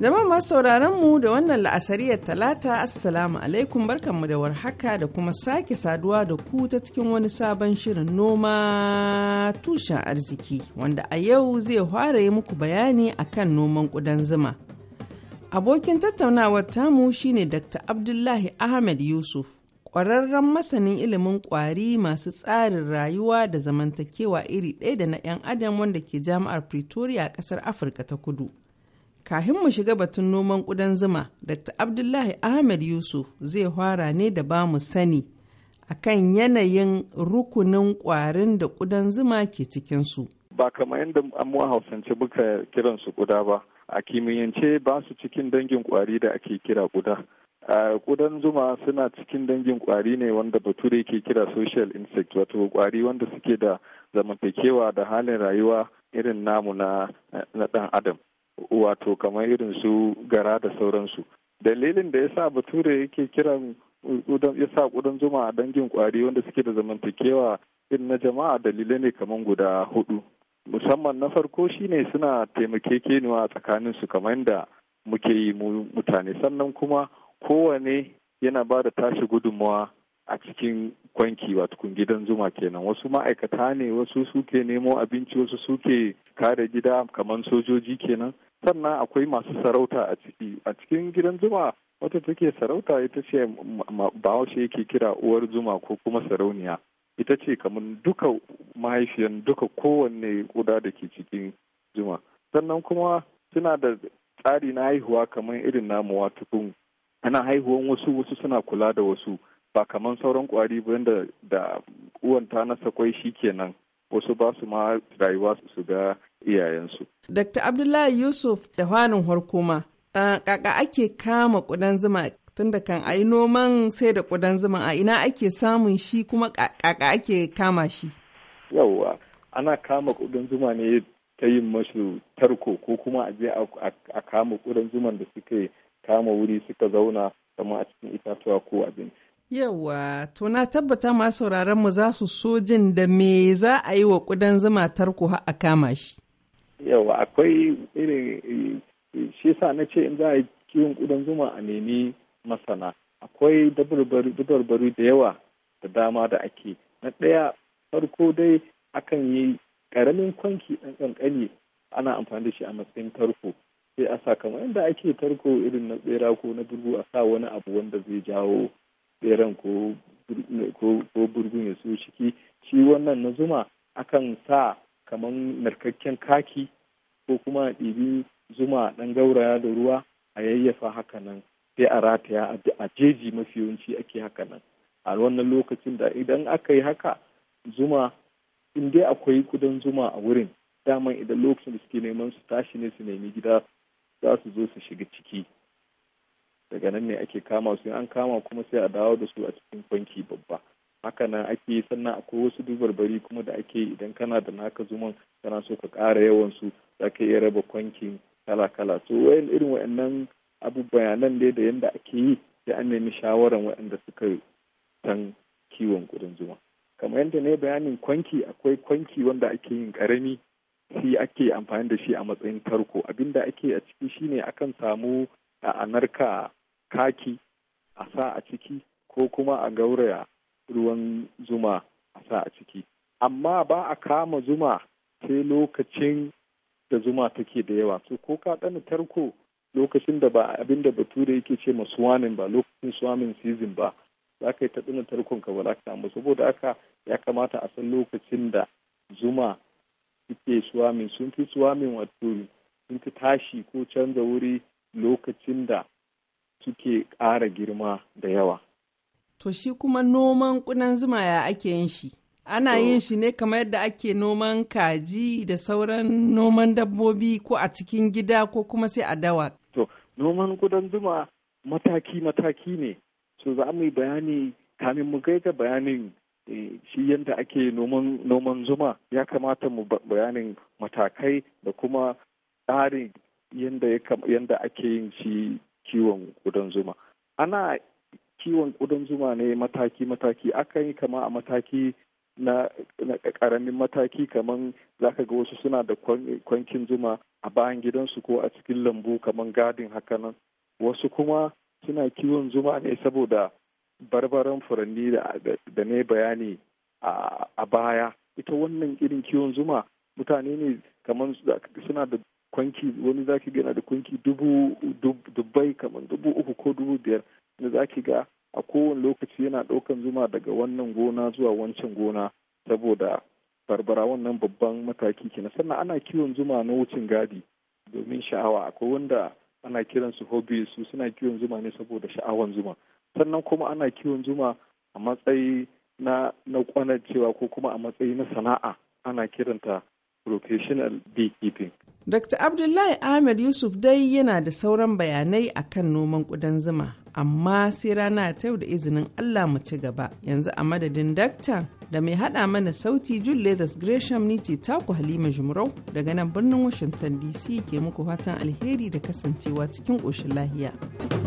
Jama'a masu sauraron mu da wannan la'asariyar talata assalamu alaikum barkanmu da warhaka da kuma sake saduwa da ku ta cikin wani sabon shirin noma tushen arziki wanda a yau zai fara muku bayani akan noman ƙudan zuma. Abokin tattaunawar tamu shine Dr. Abdullahi Ahmed Yusuf, ƙwararren masanin ilimin ƙwari masu tsarin rayuwa da zamantakewa iri ɗaya da na 'yan adam wanda ke jami'ar Pretoria a ƙasar Afirka ta Kudu. Kahin mu shiga batun noman ƙudan zuma, Dr. Abdullahi Ahmed Yusuf zai fara ne da ba mu sani akan yanayin rukunin ƙwarin da ƙudan zuma ke cikinsu. Ba kamar yadda amma hausance muka kiransu kuda ba, a kimiyyance ba su cikin dangin ƙwari da ake kira ƙuda. Ƙudan zuma suna cikin dangin ƙwari ne wanda bature ke kira social insect wato ƙwari wanda suke da zamantakewa da halin rayuwa irin namu na ɗan adam. wato kamar irin su gara da sauransu dalilin da ya sa bature yake kiran ya sa ƙudan zuma a dangin kwari wanda suke da zamantakewa irin na jama'a dalilai ne kamar guda hudu musamman na farko shine suna taimakekeniwa a su kamar yadda muke yi mutane sannan kuma kowane yana ba da tashi gudunmawa a cikin kwanki wato gidan zuma kenan wasu ma'aikata ne wasu suke nemo abinci wasu suke kare gida kamar sojoji kenan sannan akwai masu sarauta a ciki a cikin gidan zuma wata take sarauta ita ce bahaushe yake kira uwar zuma ko kuma sarauniya ita ce kamar duka mahaifiyan duka kowanne kuda da ke cikin zuma sannan kuma suna da tsari na haihuwa kamar irin namu wato ana haihuwan wasu wasu suna kula da wasu ba kaman sauran kwari ba da da uwan ta nasa kwai kenan wasu ba su ma rayuwa su ga iyayensu. Dr. Abdullahi Yusuf da hwanin harkoma kaka ake kama kudan zuma tun da kan ayi noman sai da kudan zuma a ina ake samun shi kuma kaka ake kama shi. Yawwa ana kama kudan zuma ne ta yin masu tarko ko kuma a je a kama kudan zuman da suke kama wuri suka zauna kama a cikin itatuwa ko abin. Yawa, to na tabbata masu sauraron mu za su so jin da me za a yi wa ƙudan zuma tarko a kama shi. Yawa, akwai irin shi sa na ce in za a yi kiwon ƙudan zuma a nemi masana. Akwai dabarbaru da yawa da dama da ake. Na ɗaya farko dai akan yi ƙaramin kwanki ɗan ƙanƙani ana amfani da shi a matsayin tarko. Sai a sa kamar inda ake tarko irin na tsera ko na dubu a sa wani abu wanda zai jawo beran ko burgun ya so ciki shi wannan na zuma akan sa kamar narkakken kaki ko kuma ɗibi zuma ɗan gauraya da ruwa a yayyafa haka nan sai a rataya a jeji mafi yawanci ake haka nan a wannan lokacin da idan aka yi haka zuma in dai akwai kudan zuma a wurin daman idan lokacin da suke neman su tashi ne su nemi gida za su zo su shiga ciki daga nan ne ake kama su an kama kuma sai a dawo da su a cikin banki babba haka nan ake yi sannan akwai wasu dubarbari kuma da ake yi idan kana da naka zuman kana so ka kara yawan su za ka iya raba kwankin kala kala so wayan irin wayannan abu bayanan dai da yanda ake yi sai an nemi shawaran wayanda suka san kiwon kudin zuma kamar yadda ne bayanin kwanki akwai kwanki wanda ake yin karami shi ake amfani da shi a matsayin tarko abinda ake a ciki shine akan samu a anarka kaki a sa a ciki ko kuma a gauraya ruwan zuma a sa a ciki amma ba a kama zuma sai lokacin da zuma take da yawa so ko ka ɗana tarko lokacin da ba abin da bature yake ce ma swanin ba lokacin swamin season ba za ka yi ta ɗana tarkon ka ba za ka amma saboda haka ya kamata a san lokacin da zuma suke swamin sun fi swamin wato sun fi tashi ko canza wuri lokacin da suke ƙara girma da yawa. To shi kuma noman kunan zuma ya ake yin shi? Ana yin shi ne kamar yadda ake noman kaji da sauran noman dabbobi ko a cikin gida ko kuma sai a dawa. To, noman ƙudan zuma mataki-mataki ne. So za mu yi bayani kamin mu gaida bayanin eh, shi yadda ake noman zuma ya kamata mu bayanin matakai da kuma tsarin yadda ake yin shi kiwon ƙudan zuma ana kiwon ƙudan zuma ne mataki-mataki Aka yi kama a mataki na ƙaramin mataki kaman zaka ga wasu suna da kwankin zuma a bayan gidansu ko a cikin lambu kaman gadin hakanan wasu kuma suna kiwon zuma ne saboda barbaran furanni da ne bayani a baya ita wannan irin kiwon zuma mutane ne kamar suna da kwanki wani zaki ga yana da kwanki dubu dubbai kamar dubu uku ko dubu biyar na zaki ga a kowane lokaci yana ɗaukan zuma daga wannan gona zuwa wancan gona saboda barbara wannan babban mataki kina sannan ana kiwon zuma na wucin gadi domin sha'awa akwai wanda ana kiran su hobi su suna kiwon zuma ne saboda sha'awan zuma sannan kuma ana kiwon zuma a matsayi na na kwanar cewa ko kuma a matsayi na sana'a ana kiranta professional beekeeping Dr. Abdullahi Ahmed Yusuf dai yana da sauran bayanai a kan noman ƙudan zuma, amma sai rana ta yau da izinin Allah mu ci gaba. Yanzu a madadin daktan da mai haɗa mana sauti Jun Leathers Gresham ni ce taku Halima Jumrau daga nan birnin Washington DC ke muku fatan alheri da kasancewa cikin ƙoshin lahiya.